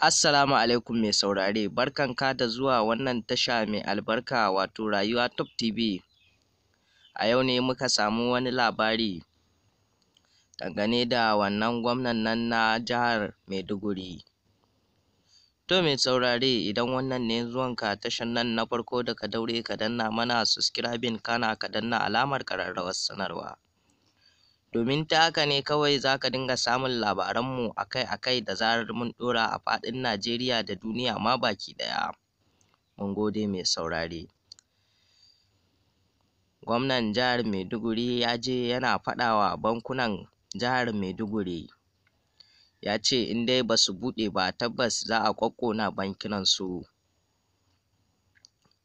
Assalamu alaikum mai saurare, barkan ka da zuwa wannan tasha mai albarka wato Rayuwa Top TV. A yau ne muka samu wani labari dangane da wannan gwamnan nan na jihar Maiduguri. To mai saurare idan wannan ne zuwanka tashan nan na farko da ka daure ka danna mana subscribing kana ka danna alamar ƙararrawar sanarwa. Domin ta haka ne kawai za ka dinga samun labaranmu akai-akai da zarar mun ɗora a faɗin Najeriya da duniya ma baki ɗaya. Mun gode mai saurare. Gwamnan Jihar Maiduguri ya je yana faɗawa bankunan Jihar Maiduguri. ya ce in dai ba su buɗe ba tabbas za a ƙwaƙƙona bankinansu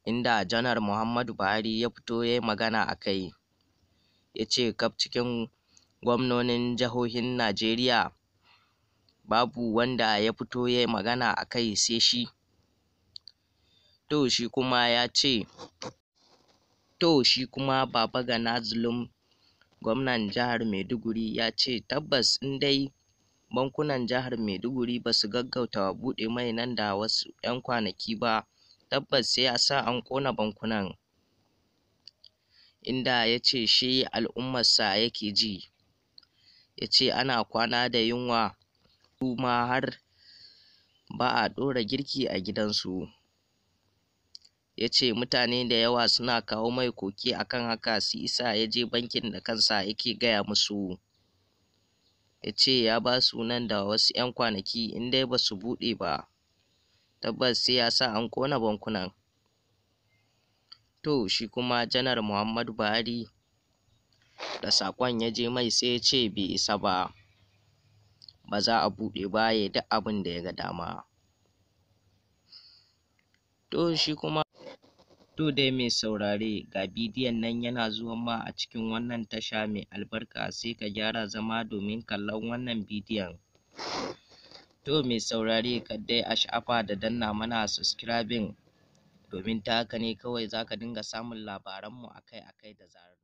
inda janar muhammadu buhari ya fito ya yi magana a kai ya ce kaf cikin gwamnonin jihohin Najeriya babu wanda ya fito ya yi magana a kai sai shi. To shi kuma ya ce, to shi kuma Baba ga Zulum gwamnan jihar Maiduguri ya ce tabbas in dai bankunan jihar Maiduguri ba su gaggauta buɗe mai nan da wasu ‘yan kwanaki ba tabbas sai ya sa an ƙona bankunan. Inda ya ce shi al'ummarsa yake ji. ya ce ana kwana da yunwa kuma har ba a ɗora girki a gidansu. Ya ce mutane da yawa suna kawo mai koke kan haka su isa ya je bankin da kansa yake gaya musu. Ya ce ya ba su nan da wasu 'yan kwanaki in dai ba su buɗe ba, tabbas sai ya sa an kona bankunan. To shi kuma janar Muhammadu Buhari da sakon ya je mai sai ya ce bai isa ba ba za a buɗe ba ya yi duk abin da ya ga dama to shi kuma to dai mai saurare ga bidiyon nan yana zuwa ma a cikin wannan tasha mai albarka sai ka gyara zama domin kallon wannan bidiyon to mai saurare ka dai a sha'afa da danna mana subscribing domin ta haka ne kawai za ka dinga samun labaranmu akai-akai da zarar